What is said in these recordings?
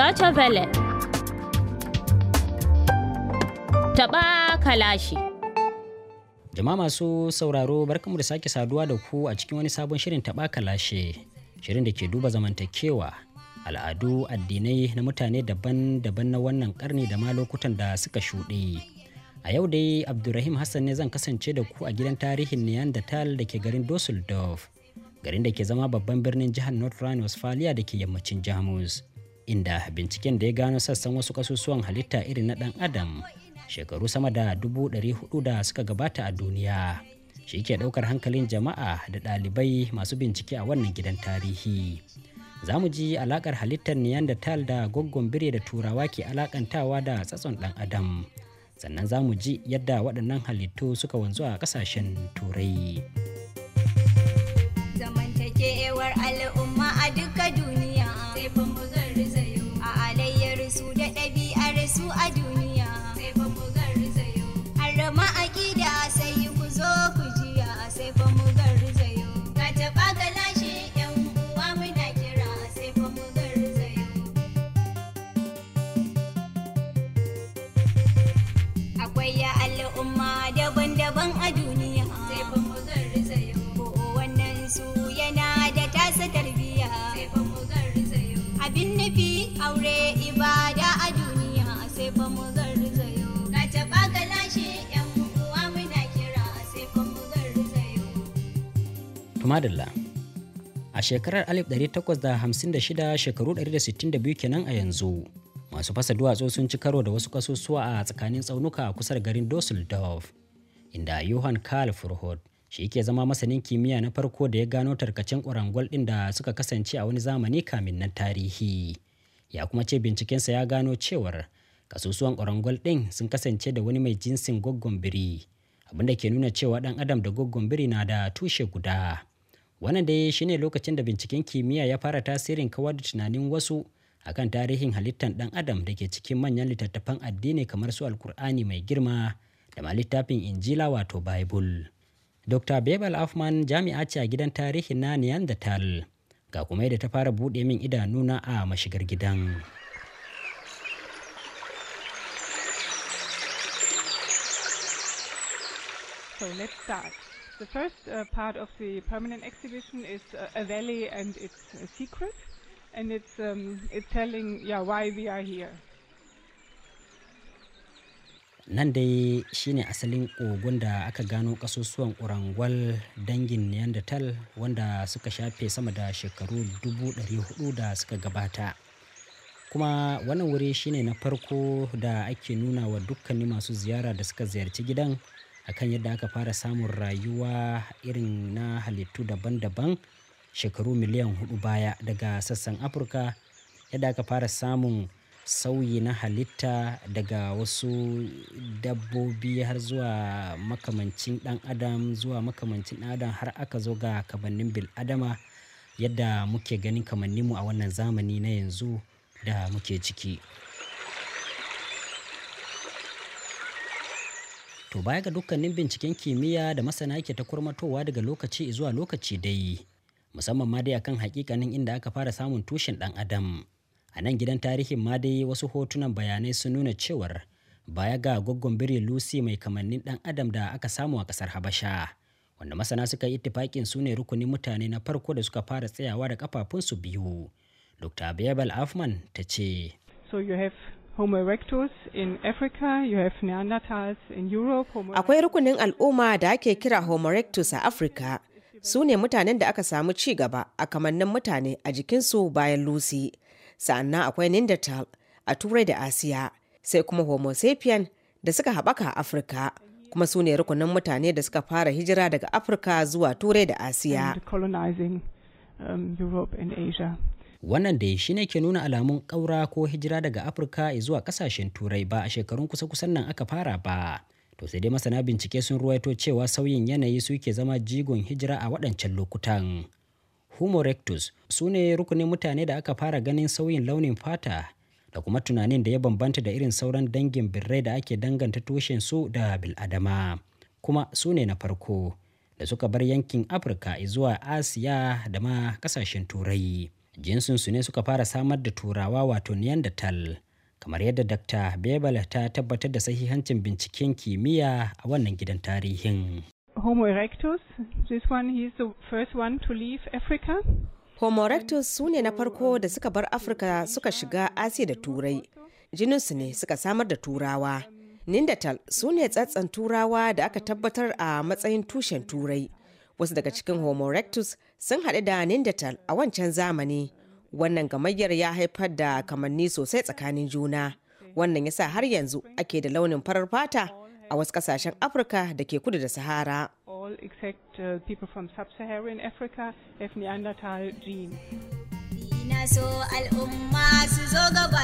Deutsche Welle. Taɓa kalashi. Jama'a masu sauraro barkanmu da sake saduwa da ku a cikin wani sabon shirin taɓa kalashe. Shirin da ke duba zamantakewa, al'adu, addinai na mutane daban-daban na wannan karni da ma lokutan da suka shuɗe. A yau dai Abdulrahim Hassan ne zan kasance da ku a gidan tarihin Neanderthal da ke garin Dusseldorf. garin da ke zama babban birnin jihar north rhine westphalia da ke yammacin jamus inda binciken da ya gano sassan wasu kasusuwan halitta irin na ɗan adam shekaru sama da dubu ɗari hudu da suka gabata a duniya shi ke ɗaukar hankalin jama'a da ɗalibai masu bincike a wannan gidan tarihi za mu ji alaƙar halittar neanderthal da goggon bire da turawa ke alakantawa da tsatson ɗan adam sannan za mu ji yadda waɗannan halittu suka wanzu a ƙasashen turai zamantakewar al'umma a duka duniya abin nufi aure ibada a duniya sai ba mu garzayo ga taba ga lashe yan uwa muna kira sai ba mu garzayo tumadalla a shekarar 1856 shekaru 162 kenan a yanzu masu fasa duwatsu sun ci karo da wasu kasusuwa a tsakanin tsaunuka a kusar garin dusseldorf inda johann karl furhod shi yake zama masanin kimiyya na farko da ya gano tarkacen ƙwarangwal ɗin da suka kasance a wani zamani kamin na tarihi ya kuma ce bincikensa ya gano cewar kasusuwan ƙwarangwal ɗin sun kasance da wani mai jinsin goggon biri abinda ke nuna cewa ɗan adam da goggon biri na da tushe guda wannan dai shine lokacin da binciken kimiyya ya fara tasirin kawar da tunanin wasu akan tarihin halittar ɗan adam da ke cikin manyan littattafan addini kamar su alkur'ani mai girma da ma littafin injila wato bible Dr. Bebel Afman jami'a ce a gidan tarihi na Neanderthal ga kuma yadda ta fara buɗe min idanuna a mashigar gidan. So let's start. The first uh, part of the permanent exhibition is uh, a valley and its uh, secret, and it's um, it's telling yeah why we are here. Nan dai shine asalin ogun da aka gano ƙasusuwan urangwal dangin Neanderthal wanda suka shafe sama da shekaru huɗu da suka gabata. Kuma wannan wuri shine na farko da ake nuna wa dukkanin masu ziyara da suka ziyarci gidan akan yadda aka fara samun rayuwa irin na halittu daban-daban shekaru miliyan hudu baya daga sassan Afirka yadda aka fara samun sauyi na halitta daga wasu dabbobi har zuwa makamancin ɗan adam zuwa makamancin dan adam har aka zo ga kamannin bil adama yadda muke ganin kamanninmu a wannan zamani na yanzu da muke ciki. To baya ga dukkanin binciken kimiyya da masana ke ta kurmatowa daga lokaci zuwa lokaci dai, musamman ma dai akan hakikanin inda aka fara samun tushen ɗan adam. a nan gidan tarihin ma dai wasu hotunan bayanai sun nuna cewar baya ga gwaggon biri lucy mai kamannin dan adam da aka samu a kasar habasha wanda masana suka yi ittifakin su ne rukunin mutane na farko da suka fara tsayawa da kafafunsu biyu dr abiyabal afman ta ce so you in Africa, you have in Europe. Akwai rukunin al'umma da ake kira Homo erectus a afirka Su ne mutanen da aka samu ci gaba a kamannin mutane a jikinsu bayan Lucy. sa'annan akwai Nindertal a Turai da Asiya, sai kuma Homo sapien da suka haɓaka a Afirka, kuma su ne rukunin mutane da suka fara hijira daga Afirka zuwa Turai da Asiya. Um, Wannan da shi ne ke nuna alamun ƙaura ko hijira daga Afirka zuwa ƙasashen Turai ba a shekarun kusa-kusan nan aka fara ba. To sai dai masana bincike sun ruwaito cewa sauyin yanayi suke zama jigon hijira a waɗancan lokutan. Homo erectus su ne rukunin mutane da aka fara ganin sauyin launin fata da kuma tunanin da ya bambanta da irin sauran dangin birrai da ake danganta tushen su da biladama kuma su ne na farko da suka bar yankin afirka zuwa asiya da ma kasashen turai jinsin su ne suka fara samar da turawa wato neanderthal kamar yadda dr bebel ta tabbatar da sahihancin binciken kimiyya a wannan gidan tarihin Homo erectus. This one, he's the first one to leave Africa. Homo erectus su na farko da suka bar Afirka suka shiga Asiya da Turai. Jininsu ne suka samar da Turawa. Nindatal sune ne tsatsan Turawa da aka tabbatar a matsayin tushen Turai. Wasu daga cikin Homo erectus sun haɗu da Nindatal a wancan zamani. Wannan gamayyar ya haifar da kamanni sosai tsakanin juna. Wannan ya sa har yanzu ake da launin farar fata a wasu kasashen Afirka da ke kudu da Sahara. All except uh, people from sub-Saharan Africa have Neanderthal gene. so al'umma su zo gaba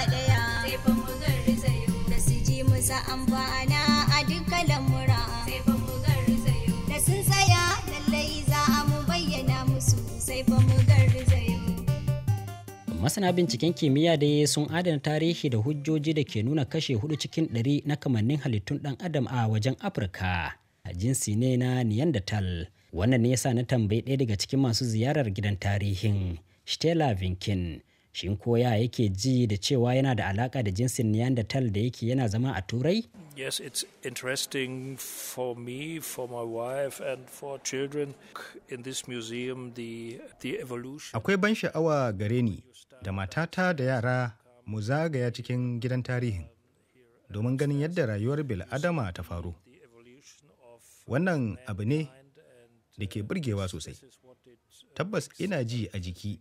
masana binciken kimiyya da sun adana tarihi da hujjoji da ke nuna kashe hudu cikin ɗari na kamannin halittun ɗan adam a wajen afirka a jinsi ne na neanderthal wannan ne ya sa na tambayi ɗaya daga cikin masu ziyarar gidan tarihin stella vinkin shin koya ya yake ji da cewa yana da alaka da jinsin neanderthal da yake yana zama a turai yes it's interesting for me for my wife and for children in this museum the, the evolution akwai ban sha'awa gare ni da matata da yara mu zagaya cikin gidan tarihin domin ganin yadda rayuwar bil'adama ta faru wannan abu ne da ke burgewa sosai tabbas ina ji a jiki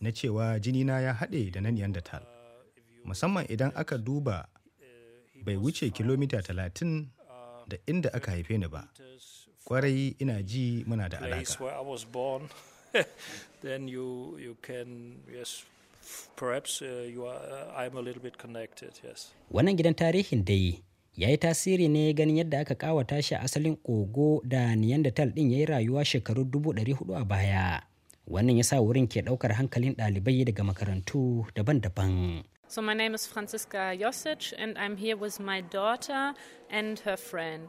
na cewa jinina ya haɗe da na Neanderthal. Musamman idan aka duba bai wuce kilomita talatin da inda aka haife ni ba. Kwarai ina ji muna da alaƙa. Wannan gidan tarihin dai ya yi tasiri ne ganin yadda aka kawata shi asalin kogo da Neanderthal din ya yi rayuwa shekaru 400 a baya. wannan ya sa wurin ke ɗaukar hankalin ɗalibai daga makarantu daban-daban So my name is Francisca Josic and I'm here with my daughter and her friend.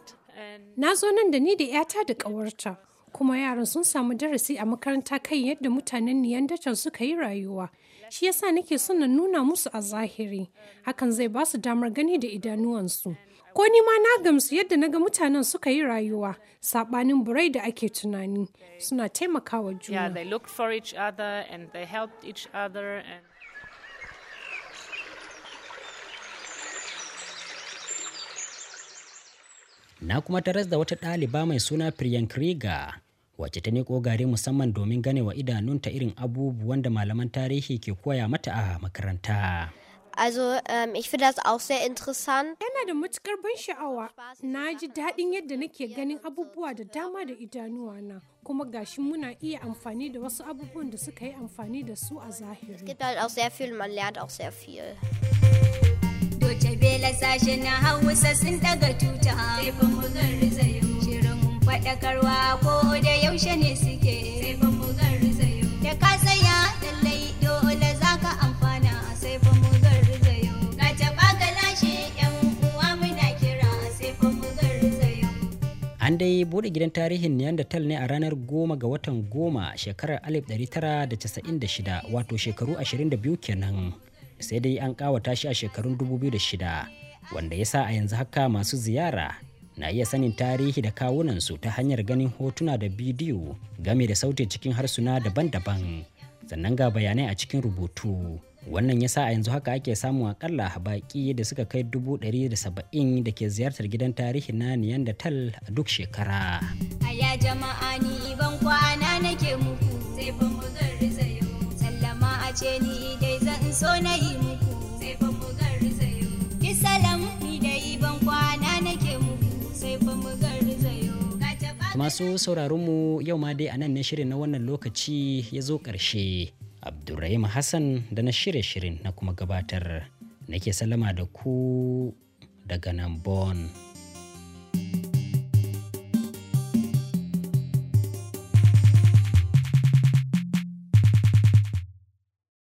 Na zo nan da ni da 'yata da ƙawarta, kuma yaran sun samu darasi a makaranta kai yadda mutanen Niyandatar suka yi rayuwa. Shi yasa nake son na nuna musu a zahiri, hakan zai ba su damar gani da idanuwansu. Ko nima na gamsu yadda naga mutanen suka yi rayuwa, saɓanin burai da ake tunani, suna taimakawa juna. Na kuma taras da wata ɗaliba mai suna Priyankriga wacce ta neko gari musamman domin ganewa idanunta irin abubuwan da malaman tarihi ke koya mata a makaranta. Also ähm, ich finde das auch sehr interessant. Yana da matukar ban sha'awa. Na ji daɗin yadda nake ganin abubuwa da dama da idanuwana. Kuma gashi muna iya amfani da wasu abubuwan da suka yi amfani da su a zahiri. Es gibt halt auch sehr viel, man lernt auch sehr viel. Doce Bela sashe na Hausa sun daga tuta. Sai fa mu garzayo. Shirin faɗakarwa ko da yaushe ne suke. an dai bude gidan tarihin neanderthal ne a ranar goma ga watan goma shekarar 1996 wato shekaru 22 kenan sai dai an kawata shi a shekarun 2006 wanda ya sa a yanzu haka masu ziyara na iya sanin tarihi da kawunansu ta hanyar ganin hotuna da bidiyo game da sautin cikin harsuna daban-daban sannan ga bayanai a cikin rubutu wannan ya sa a yanzu haka ake samun akalla baƙi da suka kai dubu ɗari da saba'in da ke ziyartar gidan tarihi na tal a duk shekara masu sauraronmu yau ma dai a nan ne shirin na wannan lokaci ya zo ƙarshe Abdulrahim Hassan da na shirya shirin na kuma gabatar nake salama da ku daga nan Bon.